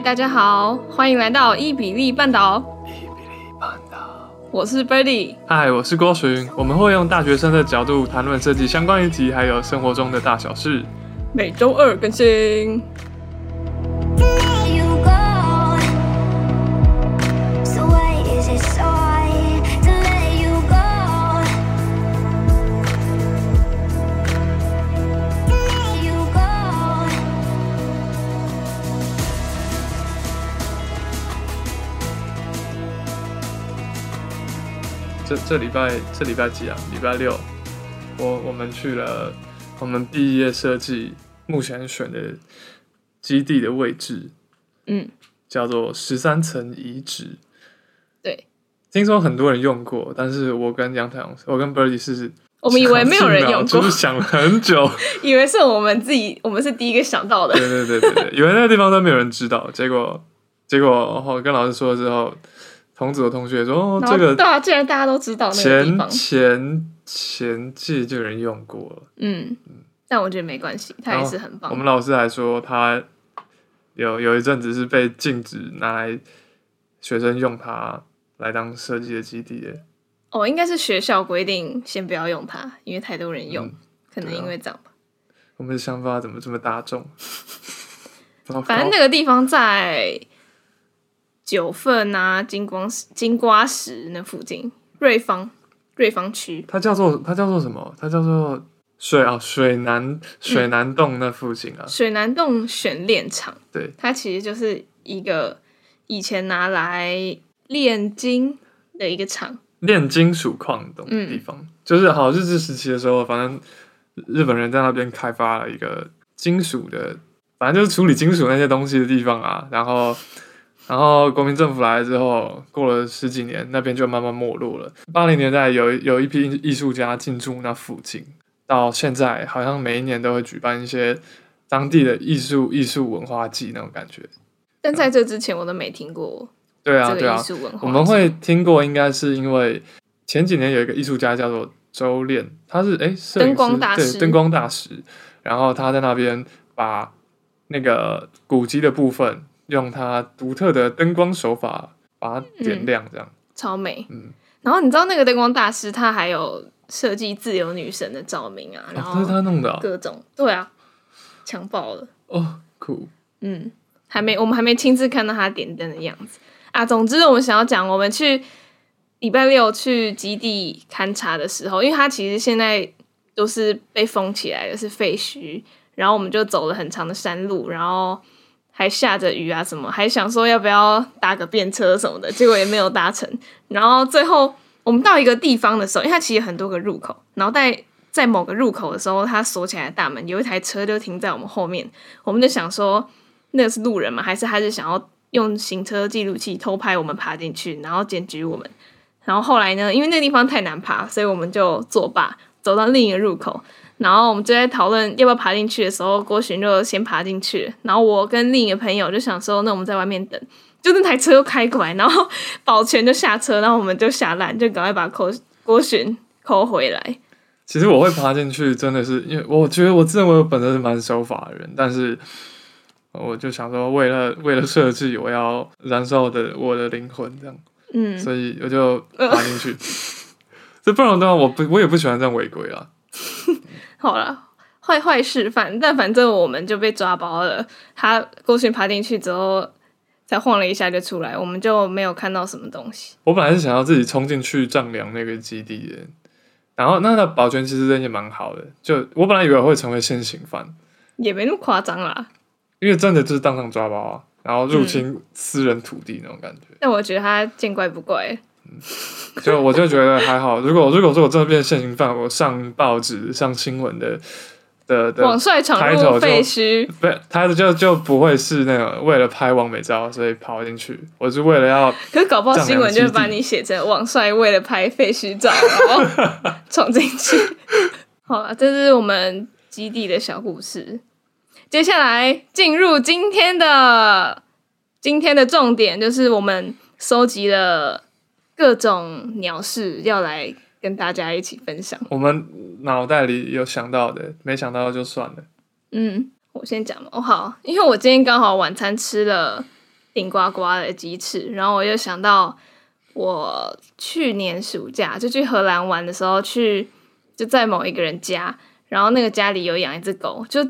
大家好，歡迎來到依比例絆倒。依比例絆倒，我是 Birdy。嗨，我是郭洵。我們會用大學生的角度談論設計相關議題，還有生活中的大小事。每週二更新。這，這禮拜這禮拜幾啊？禮拜六，我我們去了我們畢業設計目前選的基地的位置，嗯，叫做十三層遺址。對，聽說很多人用過，但是我跟楊太陽，我跟 Birdy 試試。我們以為沒有人用過，就是想了很久，以為是我們自己，我們是第一個想到的。 對對對對對，以為那個地方都沒有人知道，結果結果我、哦、跟老師說了之後。孔子的同學說：“哦、後這個對，竟然大家都知道前。前前前屆就有人用過，嗯，嗯但我覺得沒關係，他還是很棒。我們老師還說，他有有一陣子是被禁止拿來學生用它來當設計的基地。哦，應該是學校規定先不要用它，因為太多人用，嗯、可能因為這樣吧、啊。我們的想法怎麼這麼大眾？ 糕反正那個地方在。”九份啊，金光石、金瓜石那附近，瑞芳、瑞芳區，它叫做它叫做什麼？它叫做水啊、哦，水湳水湳洞那附近啊，嗯、水湳洞選煉廠，對，它其實就是一個以前拿來煉金的一個廠，煉金屬礦的，嗯，地方就是好，日治時期的時候，反正日本人在那邊開發了一個金屬的，反正就是處理金屬那些東西的地方啊，然後。然後國民政府來了之後，過了十幾年，那邊就慢慢沒落了。八零年代有一有一批藝術家進駐那附近，到現在好像每一年都會舉辦一些當地的藝術藝術文化祭那種感覺。但在這之前我都沒聽過這藝術文化祭。對啊，對啊，我們會聽過，應該是因為前幾年有一個藝術家叫做周煉，他是哎燈光大師對，燈光大師，嗯、然後他在那邊把那個古蹟的部分。用他獨特的燈光手法把它點亮，這樣、嗯、超美。嗯，然後你知道那個燈光大師，他還有設計自由女神的照明啊，啊然後、啊、是他弄的、啊，各種對啊，強爆了哦，酷。Oh, cool. 嗯，還沒，我們還沒親自看到他點燈的樣子啊。總之，我們想要講，我們去禮拜六去基地勘察的時候，因為他其實現在都是被封起來的，是廢墟，然後我們就走了很長的山路，然後。還下着雨啊，什麼還想說要不要搭個便車什麼的，結果也沒有搭成。然後最後我們到一個地方的時候，因為它其實很多個入口，然後在在某個入口的時候，它鎖起來的大門有一台車就停在我們後面，我們就想說那個是路人嘛，還是他是想要用行車記錄器偷拍我們爬進去，然後檢舉我們。然後後來呢，因為那地方太難爬，所以我們就作罷，走到另一個入口。然後我們就在討論要不要爬進去的時候，郭洵就先爬進去了。然後我跟另一個朋友就想說，那我們在外面等。就那台車又開過來，然後保全就下車，然後我們就下爛，就趕快把扣郭洵扣，扣回來。其實我會爬進去，真的是因為我覺得我自認為，我本身是蠻守法的人，但是我就想說，為了為了設計，我要燃燒的我的靈魂這樣。嗯，所以我就爬進去。這、呃、 不然的話，我不我也不喜歡這樣違規了、啊。 好了，壞壞示範，但反正我們就被抓包了。他郭洵爬進去之後，才晃了一下就出來，我們就沒有看到什麼東西。我本來是想要自己衝進去丈量那個基地的，然後那個保全其實人也蠻好的，就我本來以為會成為現行犯，也沒那麼誇張啦。因為真的就是當場抓包啊，然後入侵私人土地那種感覺。嗯。但我覺得他見怪不怪。 就我就覺得還好。如果如果說我真的變現行犯，我上報紙上新聞的的的、的的網帥闖入廢墟，不，他就就不會是那個為了拍完美照所以跑進去。我是為了要，可是搞不好新聞就是把你寫成網帥為了拍廢墟照然後闖進去。 好了，這是我們基地的小故事。接下來進入今天的今天的重點，就是我們收集了。各種鳥事要來跟大家一起分享。我們腦袋裡有想到的，沒想到就算了。嗯，我先講嘛。我、哦、好，因為我今天剛好晚餐吃了頂呱呱的雞翅，然後我又想到我去年暑假就去荷蘭玩的時候，去就在某一個人家，然後那個家裡有養一隻狗，就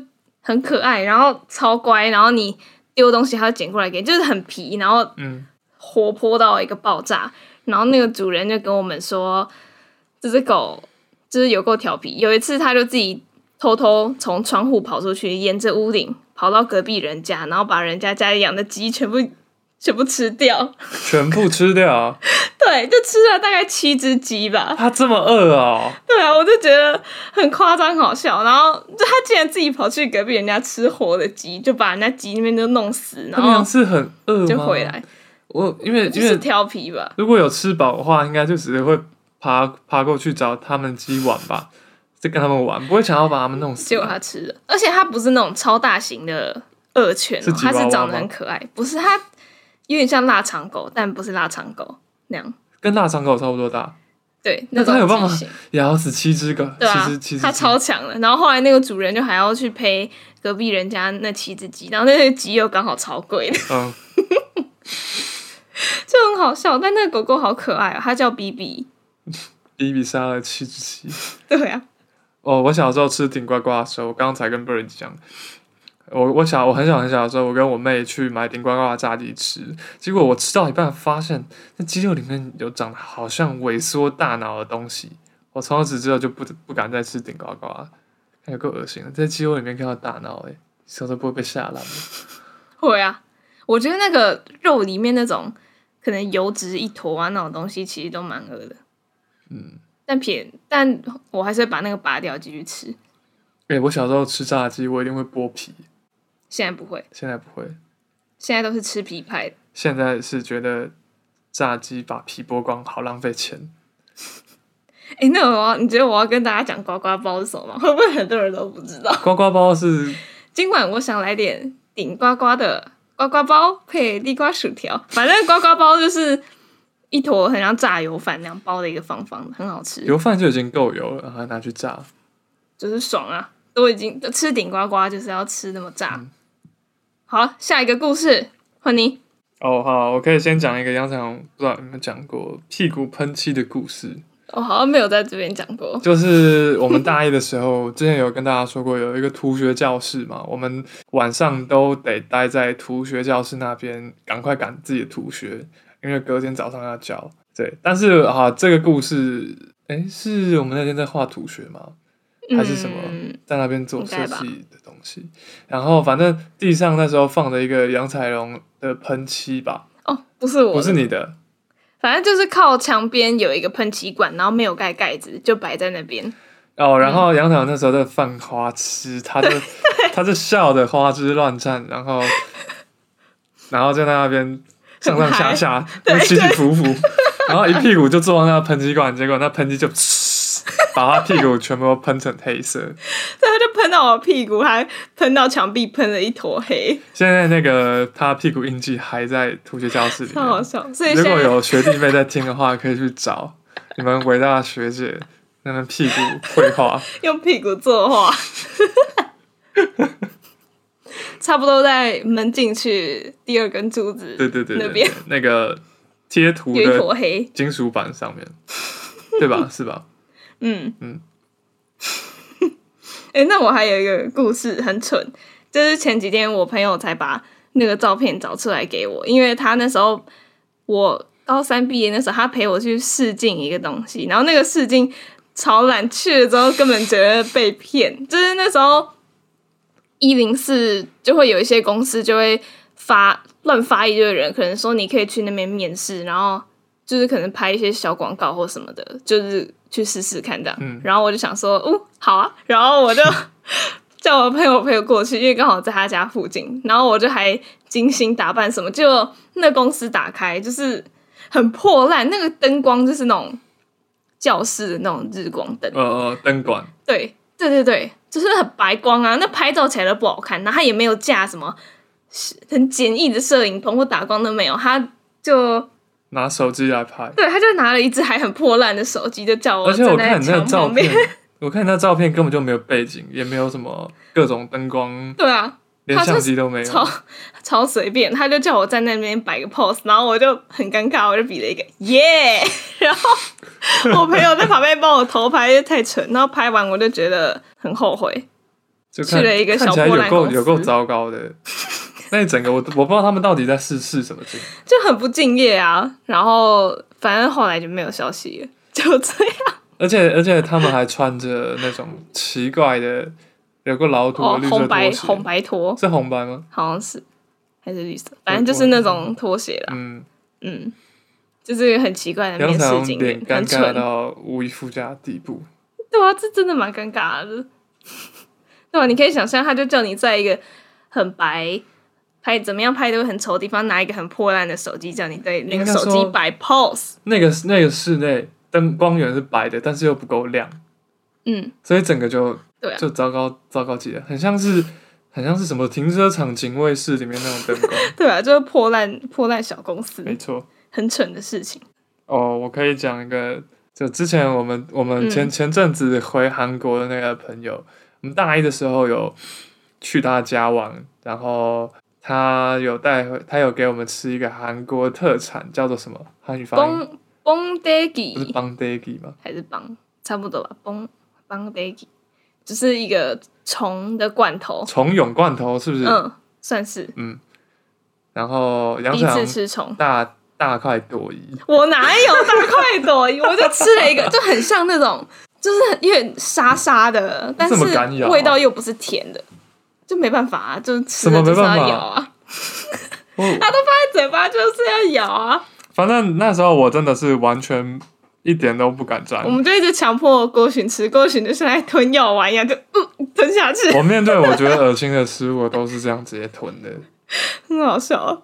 很可愛，然後超乖，然後你丟東西它就撿過來給你，就是很皮，然後嗯，活潑到一個爆炸。嗯然後那個主人就跟我們說，這隻狗就是有夠調皮。有一次，它就自己偷偷從窗戶跑出去，沿着屋頂跑到隔壁人家，然後把人家家裡養的雞全部全部吃掉，全部吃掉。吃掉 對，就吃了大概七隻雞吧。它這麼餓啊、哦？對啊，我就覺得很誇張好笑。然後它竟然自己跑去隔壁人家吃活的雞，就把人家雞那邊都弄死，然後是很餓就回來。我因為就是調皮吧，如果有吃飽的話，應該就只會爬爬過去找他們雞玩吧，就跟他們玩，不會想要把他們弄死。結果他吃了，而且它不是那種超大型的惡犬，喔，它是，是長得很可愛，不是，它有點像臘腸狗，但不是臘腸狗那樣，跟臘腸狗差不多大。對，那種，但他有辦法咬死七隻狗，對啊，他它超強的。然後後來那個主人就還要去賠隔壁人家那七隻雞，然後那雞又剛好超貴的。嗯 就很好笑，但那個狗狗好可愛、喔、 啊！它叫 B B，B B 殺了七隻雞。對呀，哦，我小時候吃頂呱呱的時候，我剛剛才跟 Birdy 講，我我小我很小很小的時候，我跟我妹去買頂呱呱炸雞吃，結果我吃到一半，發現那雞肉裡面有長得好像萎縮大腦的東西，我從此之後就不不敢再吃頂呱呱，也夠噁心了，欸、心在雞肉裡面看到大腦、欸，誒小時候不會被嚇爛嗎？會啊，我覺得那個肉裡面那種。可能油脂一坨啊，那種東西其實都蠻惡的。嗯，但偏，但我還是會把那個拔掉繼續吃。哎、欸，我小時候吃炸雞，我一定會剝皮。現在不會，現在不會，現在都是吃皮派的。現在是覺得炸雞把皮剝光好浪費錢。哎、欸，那我要，你覺得我要跟大家講呱呱包是什麼嗎？會不會很多人都不知道？呱呱包是今晚我想來點頂呱呱的。呱呱包配地瓜薯條，反正呱呱包，包就是一坨很像炸油飯那樣包的一個方方，很好吃。油飯就已經夠油了，然後拿去炸，就是爽啊！都已經都吃頂呱呱，就是要吃那麼炸。嗯、好，下一個故事，換你。哦，好，我可以先講一個楊丞琳不知道有沒有講過屁股噴漆的故事。我好像沒有在這邊講過。就是我們大一的時候， 之前有跟大家說過有一個圖學教室嘛，我們晚上都得待在圖學教室那邊，趕快趕自己的圖學，因為隔天早上要交。對，但是啊，這個故事，哎、欸，是我們那天在畫圖學嗎？還是什麼，嗯、在那邊做設計的東西？然後反正地上那時候放着一個楊彩榮的噴漆吧。哦，不是我，不是你的。反正就是靠牆邊有一個噴漆管，然後沒有蓋蓋子，就擺在那邊。哦，然後楊導那時候在犯花痴，嗯、他就對他就笑得花枝亂顫，然後然後就在那邊上上下下、起起伏伏，然後一屁股就坐到那個噴漆管， 結果那噴漆就把他屁股全部噴成黑色。就噴到我屁股，還噴到牆壁，噴了一坨黑。現在那個他屁股印記還在圖學教室裡。超好笑！所以如果有學弟妹在聽的話，可以去找你們偉大學姐那邊屁股繪畫， 用屁股作畫。 差不多在門進去第二根柱子，對對對，那邊那個貼圖的一坨黑金屬板上面， 對吧？是吧？嗯嗯。嗯誒、欸，那我還有一個故事很蠢，就是前幾天我朋友才把那個照片找出來給我，因為他那時候我高三畢業那時候，他陪我去試鏡一個東西，然後那個試鏡超爛，去了之後，根本覺得被騙，就是那時候一零四就會有一些公司就會發亂發一堆人，可能說你可以去那邊面試，然後就是可能拍一些小廣告或什麼的，就是。去試試看的，嗯、然後我就想說，哦，好啊，然後我就 叫我朋友朋友過去，因為剛好在他家附近，然後我就還精心打扮什麼，就那公司打開就是很破爛，那個燈光就是那種教室的那種日光燈，哦哦、呃，燈管，對對對對，就是很白光啊，那拍照起來都不好看，然後他也沒有架什麼很簡易的攝影棚或打光都沒有，他就。拿手機來拍，對，他就拿了一支還很破爛的手機，就叫我。而且我看你那個照片， 我看那照片根本就沒有背景，也沒有什麼各種燈光。對啊，連相機都沒有，超超隨便。他就叫我站在那邊擺個 pose，然後我就很尷尬，我就比了一個耶，yeah! 然後我朋友在旁邊幫我偷拍，因為太蠢。然後拍完我就覺得很後悔，就看去了一個小破爛公司。有夠有夠糟糕的。那一整個我，我我不知道他們到底在試試什麼勁，就很不敬業啊。然後反正後來就沒有消息了，就這樣。 而且而且他們還穿着那種奇怪的，有個老土、哦、紅白，拖紅白拖是紅白嗎？好像是還是綠色，反正就是那種拖鞋啦。我 嗯嗯，就是很奇怪的面試經驗，尷尬到無以復加的地步。對啊，這真的蠻尷尬的。 對啊，你可以想象，他就叫你在一個很白。拍怎麼樣拍都很很醜的地方，拿一個很破爛的手機，叫你在那個手機擺 pose。那個那個室內燈光源是白的，但是又不夠亮，嗯，所以整個就對，就糟糕、啊、糟糕極了，很像是很像是什麼停車場警衛室裡面那種燈光， 對啊，就是破爛破爛小公司，沒錯錯，很蠢的事情。哦，oh, 我可以講一個，就之前我們我們前、嗯、前陣子回韓國的那個朋友，我們大一的時候有去他家玩，然後。他有帶回，他有給我們吃一個韓國特產，叫做什麼？韓語發音。bong bongdegi，不是 bongdegi 嗎？還是 bong？差不多吧，bong bongdegi，就是一個蟲的罐頭。蟲蛹罐頭是不是？嗯，算是。嗯。然後，第一次吃蟲，大大快朵頤。我哪有大快朵頤？ 我就吃了一個，就很像那種，就是有點沙沙的，嗯，但是味道又不是甜的。就沒辦法啊，就吃的沒辦法咬啊，他都放在嘴巴就是要咬啊。反正那時候我真的是完全一點都不敢沾，我們就一直強迫郭洵吃，郭洵就像在吞藥丸一樣就、嗯、吞下去。我面對我覺得噁心的食物我都是這樣直接吞的， 很好笑、啊。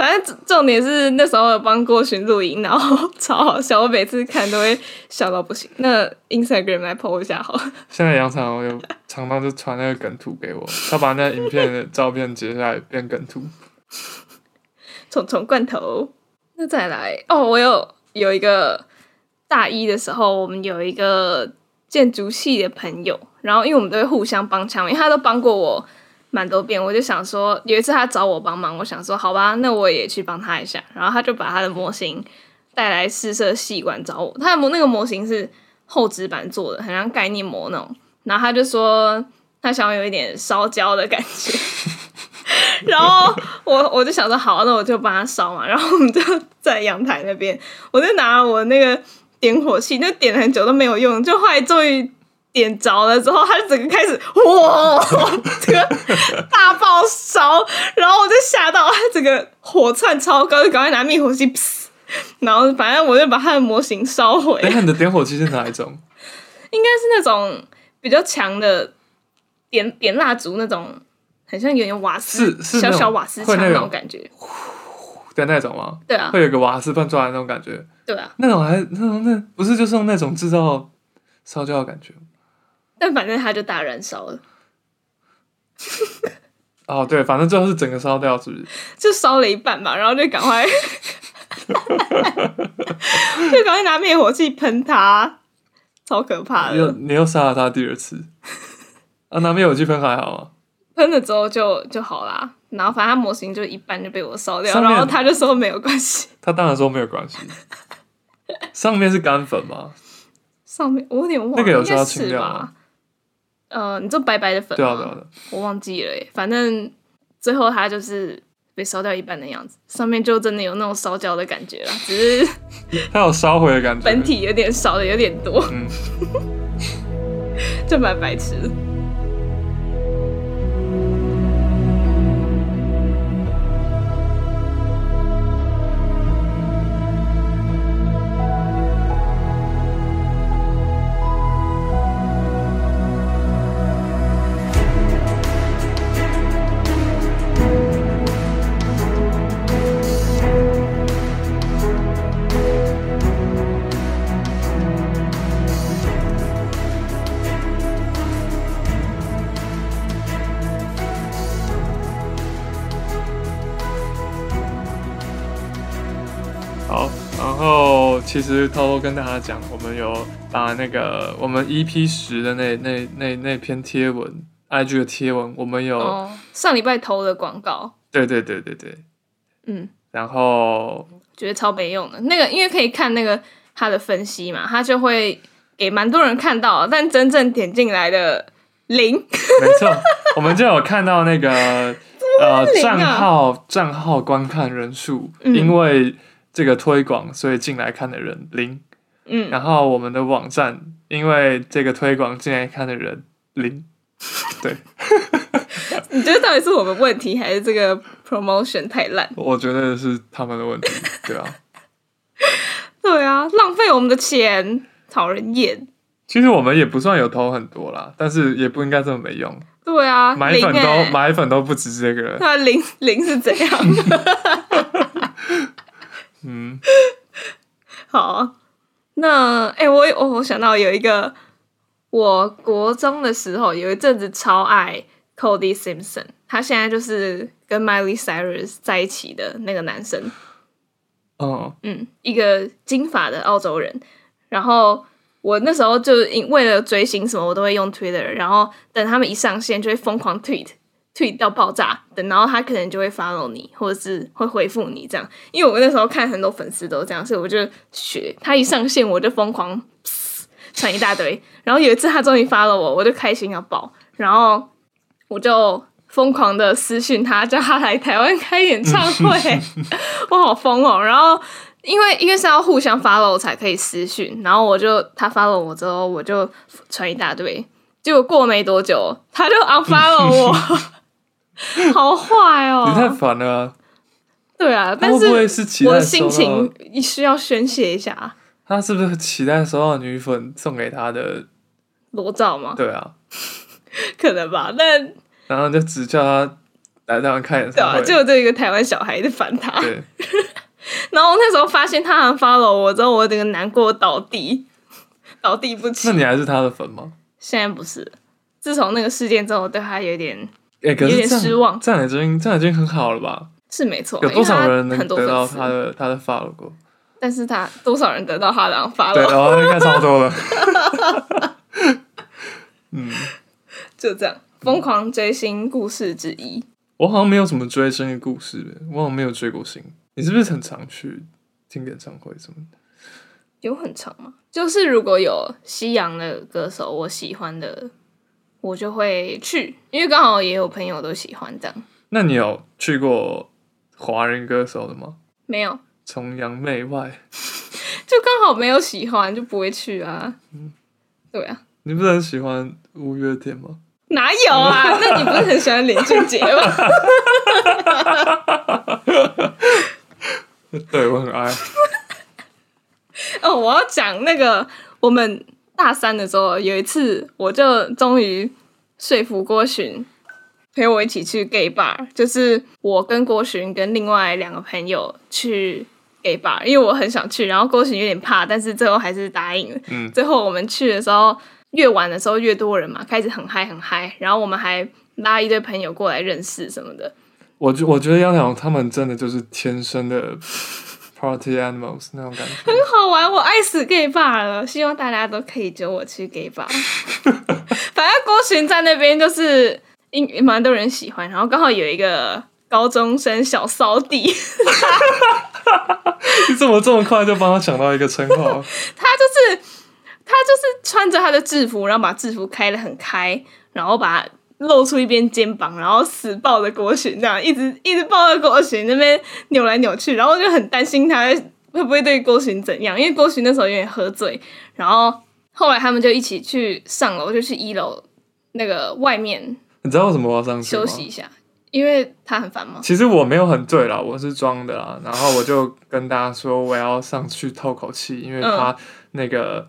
反正重點是那時候我有幫郭洵錄影，然後超好笑，我每次看都會笑到不行。那 Instagram 來 po 一下好了。現在楊長豪有 常常就傳那個梗圖給我，他把那影片的照片截下來變梗圖。蟲蟲 罐頭，那再來哦。我有有一個大一的時候，我們有一個建築系的朋友，然後因為我們都會互相幫腔，因為他都幫過我。蠻多遍，我就想說，有一次他找我幫忙，我想說，好吧，那我也去幫他一下。然後他就把他的模型帶來設計系館找我，他模那個模型是厚紙板做的，很像概念模那種。然後他就說他想要有一點燒焦的感覺， 然後我我就想說，好、啊，那我就幫他燒嘛。然後我們就在陽台那邊，我就拿我那個點火器，就點了很久都沒有用，就後來終於點着了之後，他就整個開始哇。 大爆燒，然後我就嚇到，他整個火竄超高，就趕快拿滅火器，然後反正我就把它的模型燒毀。哎，你的點火器是哪一種？ 應該是那種比較強的點，點點蠟燭那種，很像有點瓦斯，小小瓦斯槍那種感覺，對，那種嗎？對啊，會有個瓦斯罐出來的那種感覺。對啊，那種還那種那不是就是用那種制造燒焦的感覺？但反正他就大燃燒了。 哦，對，反正最後是整個燒掉，是不是？就燒了一半嘛，然後就趕快， 就趕快拿滅火器噴它，超可怕的。你又，你又殺了他第二次啊？拿滅火器噴還好嗎？噴了之後就就好啦。然後反正它模型就一半就被我燒掉，面然後他就說沒有關係。他當然說沒有關係。上面是乾粉嗎？上面我有點忘，那個有需要清掉嗎？呃，你做白白的粉嗎？對啊對啊，我忘記了耶，反正最後它就是被燒掉一半的樣子，上面就真的有那種燒焦的感覺啦，只是它有燒毀的感覺，本體有點燒的有點多，嗯， 就蠻白痴的。然後其實偷偷跟大家講，我們有把那個我們 EP 十的那那那那篇貼文，IG 的貼文，我們有、哦、上禮拜投的廣告。對對對對對。嗯，然後覺得超沒用的，那個因為可以看那個他的分析嘛，他就會給蠻多人看到，但真正點進來的零。沒錯， 我們就有看到那個、啊、呃賬號賬號觀看人數，嗯、因為。這個推廣，所以進來看的人零，嗯，然後我們的網站，因為這個推廣進來看的人零，對， 你覺得到底是我們問題，還是這個 promotion 太爛？我覺得是他們的問題，對啊， 對啊，浪費我們的錢，討人厭。其實我們也不算有投很多啦，但是也不應該這麼沒用。對啊，買粉都耶買粉都不值這個。那零零是怎樣？ 嗯，好，那誒、欸，我我我想到有一個，我國中的時候有一陣子超愛 Cody Simpson，他現在就是跟 Miley Cyrus 在一起的那個男生。哦，嗯，一個金髮的澳洲人。然後我那時候就為了追星什麼，我都會用 Twitter，然後等他們一上線就會瘋狂 Tweet。到爆炸，等然後他可能就會 follow 你，或者是會回復你這樣。因為我那時候看很多粉絲都這樣，所以我就學他一上線我就瘋狂傳一大堆。然後有一次他終於 follow 我，我就開心要爆，然後我就瘋狂的私訊他，叫他來台灣開演唱會， 我好瘋哦。然後因為應該是要互相 follow 才可以私訊，然後我就他 follow 我之後，我就傳一大堆。結果過沒多久，他就 unfollow 我。 好壞哦，你太煩了、啊。對啊，但是是我的心情需要宣洩一下、啊、他是不是期待收到女粉送給他的裸照嗎？對啊，可能吧。那然後就只叫他來台灣看，對啊，就有這一個台灣小孩在煩他。對 然後那時候發現他還 follow 我之後，我有個難過倒地，倒地不起。 那你還是他的粉嗎？現在不是，自從那個事件之後，對他有點。哎，有點、欸、失望，這樣已經這樣已經很好了吧？是沒錯，有多少人能得到他的他、他的 follow 過？但是他多少人得到他的 follow？對，然後應該差不多了。 嗯，就這樣，瘋狂追星故事之一。我好像沒有什麼追星的故事，我好像沒有追過星。你是不是很常去聽演唱會什麼的？有很常嗎？就是如果有西洋的歌手，我喜歡的。我就會去，因為剛好也有朋友都喜歡這樣。那你有去過華人歌手的嗎？沒有，崇洋媚外，就剛好沒有喜歡，就不會去啊。嗯，對啊。你不是很喜歡五月天嗎？哪有啊？ 那你不是很喜歡林俊杰嗎？哈哈哈！哈哈！哈哈！哈哈！對，我很愛。哦，我要講那個我們。大三的時候，有一次我就終於說服郭洵陪，陪我一起去 gay bar，就是我跟郭洵跟另外兩個朋友去 gay bar，因為我很想去，然後郭洵有點怕，但是最後還是答應了。嗯、最後我們去的時候，越晚的時候越多人嘛，開始很嗨很嗨，然後我們還拉一堆朋友過來認識什麼的。我覺我覺得楊曉他們真的就是天生的。Party animals 那種感覺，很好玩，我愛死 gay bar 了。希望大家都可以揪我去 gay bar 反正郭洵在那邊就是一蠻多人喜歡，然後剛好有一個高中生小騷弟， 你怎麼這麼快就幫他想到一個稱號 他、就是？他就是他就是穿着他的制服，然後把制服開得很開，然後把。露出一邊肩膀，然後死抱着郭洵，這樣一直一直抱着郭洵那邊扭來扭去，然後就很擔心他會會不會對郭洵怎樣？因為郭洵那時候有點喝醉。然後後來他們就一起去上樓，就去一樓那個外面。你知道為什麼我要上去？休息一下，因為他很煩嗎？其實我沒有很醉啦，我是裝的啦。然後我就跟大家說我要上去透口氣， 因為他那個。嗯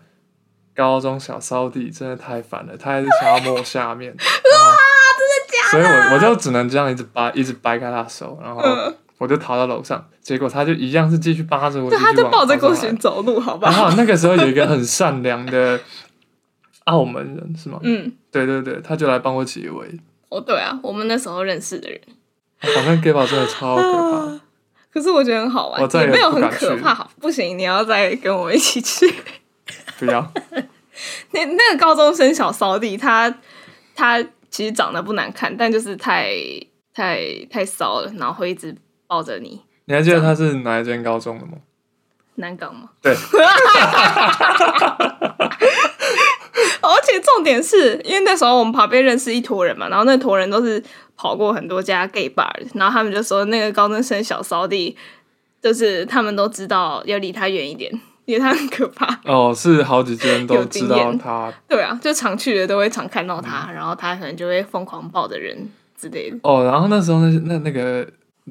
高中小騷弟真的太煩了，他還是想要摸我下面。哇 後、啊！真的假的？所以我我就只能這樣一直掰，一直掰開他手，然後我就逃到樓上。嗯、結果他就一樣是繼續扒着我。對，他就抱着郭洵走路好好，好吧。然後那個時候有一個很善良的澳門人 是嗎？嗯，對對對，他就來幫我解圍。哦，對啊，我們那時候認識的人。反正 Gay 吧真的超可怕。啊，可是我覺得很好玩，我再也，也沒有很可怕。好，不行，你要再跟我們一起去。不要比 那那個高中生小騷弟，他他其實長得不難看，但就是太太太騷了，然後會一直抱着你。你還記得他是哪一間高中的嗎？南港嗎？對。而且重點是因為那時候我們旁邊認識一坨人嘛，然後那坨人都是跑過很多家 gay bar，然後他們就說那個高中生小騷弟，就是他們都知道要離他遠一點。因為他很可怕哦，是好幾圈都知道他，對啊，就常去的都會常看到他，嗯、然後他可能就會瘋狂抱着人、嗯、之類的。哦，然後那時候那那那個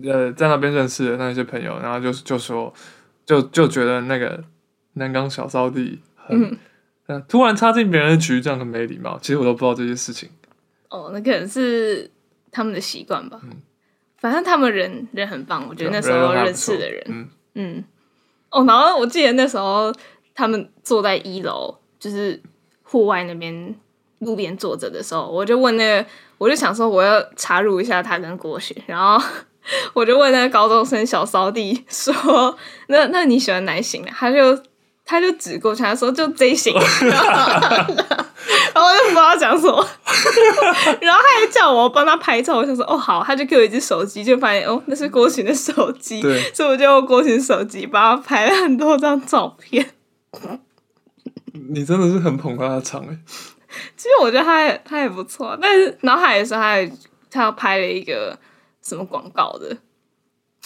呃，在那邊認識的那些朋友，然後就就說，就就覺得那個南港小騷弟很，嗯嗯，突然插進別人的局，這樣很沒禮貌。其實我都不知道這些事情。哦，那可、個、能是他們的習慣吧。嗯、反正他們人人很棒，我覺得那時候認識的人，人嗯。嗯哦，然後我記得那時候他們坐在一樓，就是戶外那邊路邊坐着的時候，我就問那個，我就想說我要插入一下他跟郭洵，然後我就問那個高中生小騷弟說：“那那你喜歡哪型的？”他就。他就指過去，他就說：“就這型，哦。”然後我就不知道講什麼，啊啊、然後他還叫我，我幫他拍照。我想說：“哦，好。”他就給我一隻手機，就發現哦，那是郭洵的手機。對所以我就用郭洵手機幫他拍了很多張照片。你真的是很捧他的場誒，其實我覺得他也他也不錯，但是腦海的時候他也他，也他也拍了一個什麼廣告的。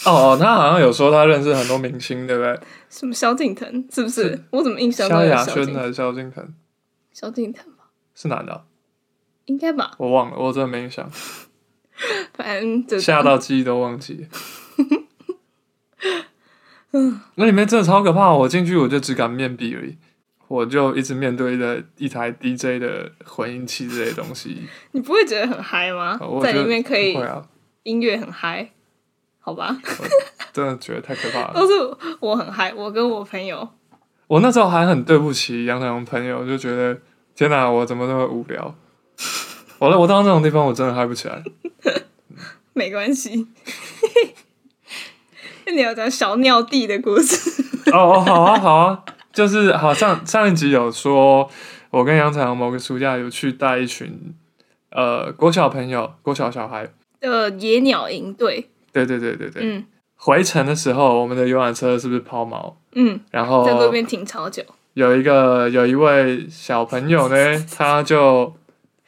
哦 哦，他好像有說他認識很多明星，對不對？什麼蕭敬騰是不是？是我怎麼印象蕭亞軒的蕭敬騰？蕭敬騰吧，騰嗎？是男的、啊？應該吧？我忘了，我真的沒印象。反正嚇到記憶都忘記了。 嗯，那裡面真的超可怕，我進去我就只敢面壁而已，我就一直面對着一台 DJ 的混音器這些東西。你不會覺得很嗨嗎？啊、在裡面可以，音樂很嗨。好吧， 真的覺得太可怕了。都 是我很嗨，我跟我朋友，我那時候還很對不起楊彩虹朋友，就覺得天哪，啊，我怎麼那麼無聊？我 我到這種地方我真的嗨不起來。 沒關係係， 你要講小尿弟的故事？哦哦，好啊好啊，就是好像上一集有說，我跟楊彩虹某個暑假有去帶一群呃國小朋友、國小小孩呃，野鳥營隊。對對對對對對，嗯，回程的時候，我們的遊覽車是不是拋錨？嗯，然後在路邊停超久。有一個有一位小朋友呢， 他就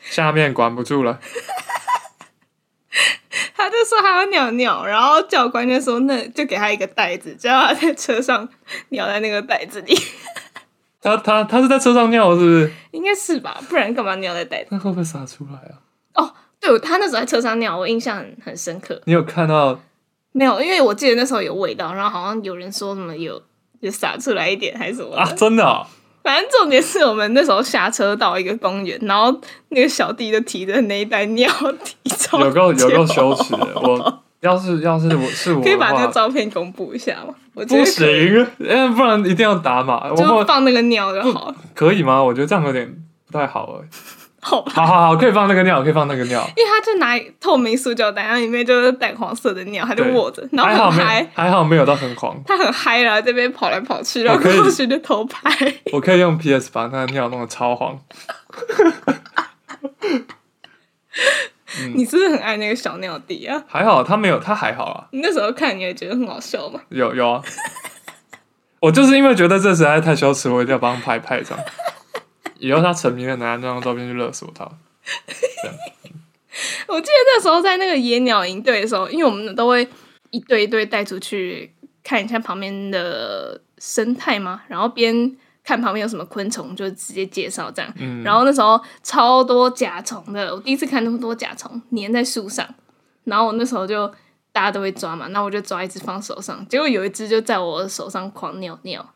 下面管不住了， 他就說他要尿尿，然後教官就說那就給他一個袋子，叫他在車上尿在那個袋子裡。 他他他是在車上尿是不是？應該是吧，不然幹嘛尿在袋裡？他會不會灑出來啊？哦。對，他那時候在車上尿，我印象很，很深刻。你有看到沒有？因為我記得那時候有味道，然後好像有人說什麼有就撒出來一點還是什麼啊？真的哦？反正重點是我們那時候下車到一個公園，然後那個小弟就提着那一袋尿體，有夠有夠羞恥！ 我要是要是我是我 可以把那個照片公布一下嗎？我覺得不行，不然一定要打碼。就放那個尿就好了不，可以嗎？我覺得這樣有點不太好。好好好，可以放那個尿，可以放那個尿， 因為他就拿透明塑膠袋，然後裡面就是淡黃色的尿，他就握着。還好沒，high，還好沒有，到很黃。他很嗨了，這邊跑來跑去，然後過去就偷拍。我可， 我可以用 PS 把他的尿弄得超黃。 你是不是很愛那個小尿弟啊？還好他沒有，他還好啊。你那時候看，你也覺得很好笑嗎？有有啊， 我就是因為覺得這實在太羞恥，我一定要幫他拍拍一張。以後他成名了，拿那張照片去勒索他。 我記得那時候在那個野鳥營隊的時候，因為我們都會一隊一隊帶出去看一下旁邊的生態嘛，然後邊看旁邊有什麼昆蟲，就直接介紹這樣。嗯、然後那時候超多甲蟲的，我第一次看那麼多甲蟲粘在樹上，然後我那時候就大家都會抓嘛，那我就抓一只放手上，結果有一只就在我手上狂尿尿。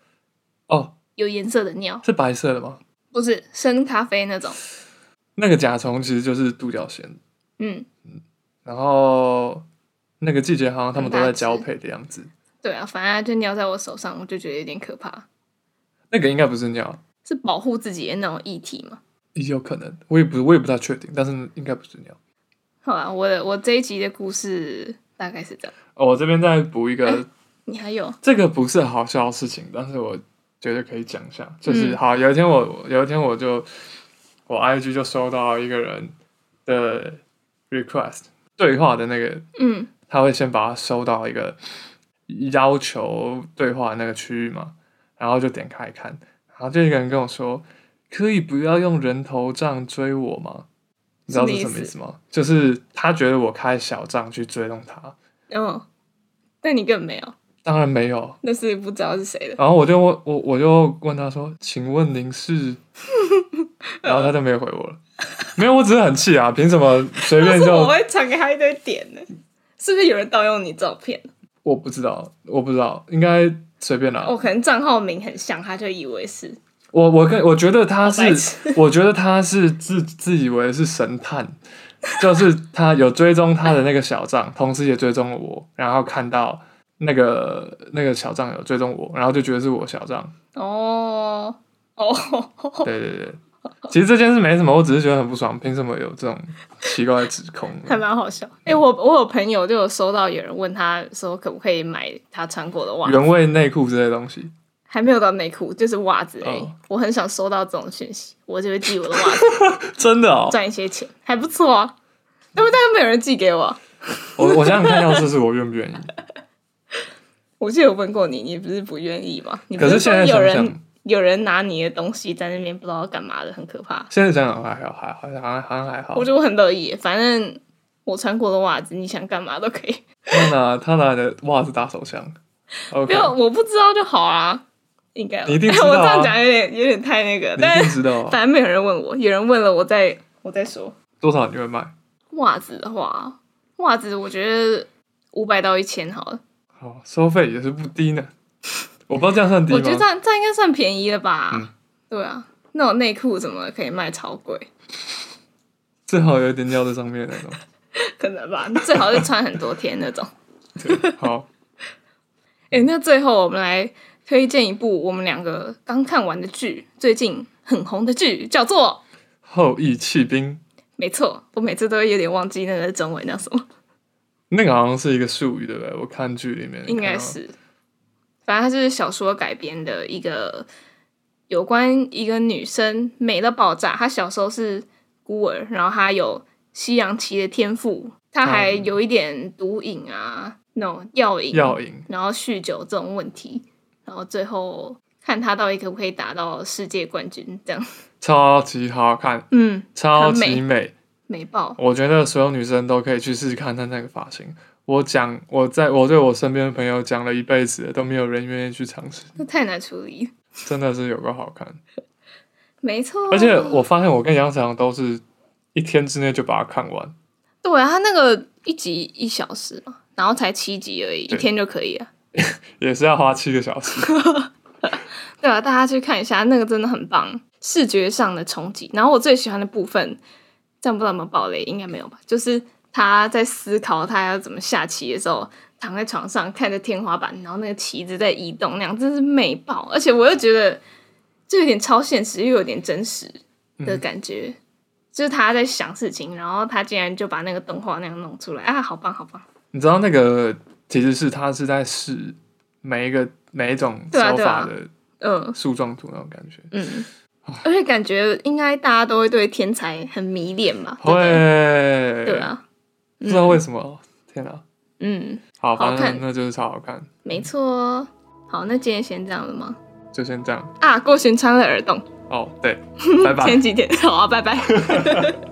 哦，有顏色的尿是白色的嗎？不是深咖啡那種，那個甲蟲其實就是獨角仙。嗯，嗯，然後那個季節好像他們都在交配的樣子。對啊，反正就尿在我手上，我就覺得有點可怕。那個應該不是尿，是保護自己的那種液體嗎？也有可能，我也不，我也不太確定，但是應該不是尿。好吧、啊，我的我這一集的故事大概是這樣。哦，我這邊再補一個、欸。你還有？這個不是好笑的事情，但是我。覺得可以講一下，就是、嗯、好，有一天我有一天我就我 IG 就收到一個人的 request 對話的那個，嗯，他會先把它收到一個要求對話的那個區域嘛，然後就點開看，然後就一個人跟我說，可以不要用人頭賬追我嗎？你知道是什麼意思嗎？什麼意思？就是他覺得我開小賬去追蹤他，哦，但你更沒有。當然沒有，那是不知道是誰的。然後我就問我我就問他說：“請問您是？” 然後他就沒有回我了。 沒有，我只是很氣啊！憑什麼隨便就？我會傳給他一堆點呢？是不是有人盜用你照片？我不知道，我不知道，應該隨便啦。我可能賬號名很像，他就以為是。我我跟我覺得他是， 我，吃我覺得他是自自以為是神探，就是他有追蹤他的那個小賬， 同時也追蹤了我，然後看到。那個那個小帳友追蹤我，然後就覺得是我小帳哦哦，oh. Oh. Oh. 對對對，其實這件事沒什麼，我只是覺得很不爽，憑什麼有這種奇怪的指控的？還蠻好笑。哎、欸，我我有朋友就有收到有人問他說可不可以買他穿過的襪子，原味內褲這些東西，還沒有到內褲，就是襪子哎，oh. 我很想收到這種訊息，我就會寄我的襪子， 真的哦賺一些錢還不錯啊。那麼，但是沒,沒有人寄給我，我我想,想看一下試試我願不願意。我記得有問過你，你不是不願意嗎？你不是說，可是現在有人有人拿你的東西在那邊不知道幹嘛的，很可怕。現在想想還還好像還還還好。我覺得我很樂意，反正我穿過的襪子，你想幹嘛都可以拿。他拿他拿的襪子打手槍？Okay，沒有，我不知道就好啊。應該你一定知道我這樣講有點有點太那個，一啊，但一反正沒有人問我，有人問了我再，我再我再說。多少你會賣襪子的話？襪子我覺得五百到一千好了。哦，收費也是不低呢。我不知道這樣算低嗎？我覺得這樣這樣應該算便宜了吧？嗯、對啊，那種內褲怎麼可以賣超貴？最好有點尿在上面那種， 可能吧？最好是穿很多天那種。 對好，哎、 欸，那最後我們來推薦一部我們兩個剛看完的劇，最近很紅的劇叫做《後翼棄兵》。沒錯，我每次都會有點忘記那個中文叫什麼。那個好像是一個術語，對不對？我看劇裡面應該是，反正它就是小說改編的一個有關一個女生美的爆炸。她小時候是孤兒，然後她有西洋棋的天賦，她還有一點毒癮啊，那種藥癮、藥癮、no，然後酗酒這種問題，然後最後看她到底可不可以達到世界冠軍，這樣超級好看，嗯，超級美。沒報，我覺得所有女生都可以去試試看她那個髮型。我講，我在我對我身邊的朋友講了一輩子，都沒有人願意去嘗試。那太難處理，真的是有個好看， 沒錯啊。而且我發現，我跟楊翔都是一天之內就把它看完。對啊，他那個一集一小時嘛，然後才七集而已，對一天就可以了。 也是要花七個小時。 對啊，大家去看一下，那個真的很棒，視覺上的衝擊。然後我最喜歡的部分。這樣不知道有沒有爆雷，應該沒有吧？就是他在思考他要怎麼下棋的時候，躺在床上看着天花板，然後那個棋子在移動，那樣真是美爆！而且我又覺得，就有點超現實又有點真實的感覺，嗯、就是他在想事情，然後他竟然就把那個動畫那樣弄出來，啊，好棒，好棒！你知道那個其實是他是在試每一個每一種手法的呃樹狀圖那種感覺，啊啊呃、嗯。 而且感覺應該大家都會對天才很迷戀嘛，對不對？會對啊，不知道為什麼，天哪！嗯，啊、嗯好，好看，那就是超好看，好看沒錯。好，那今天先這樣了嗎？就先這樣啊！郭洵穿了耳洞哦，對，拜拜。前幾天好啊，拜拜。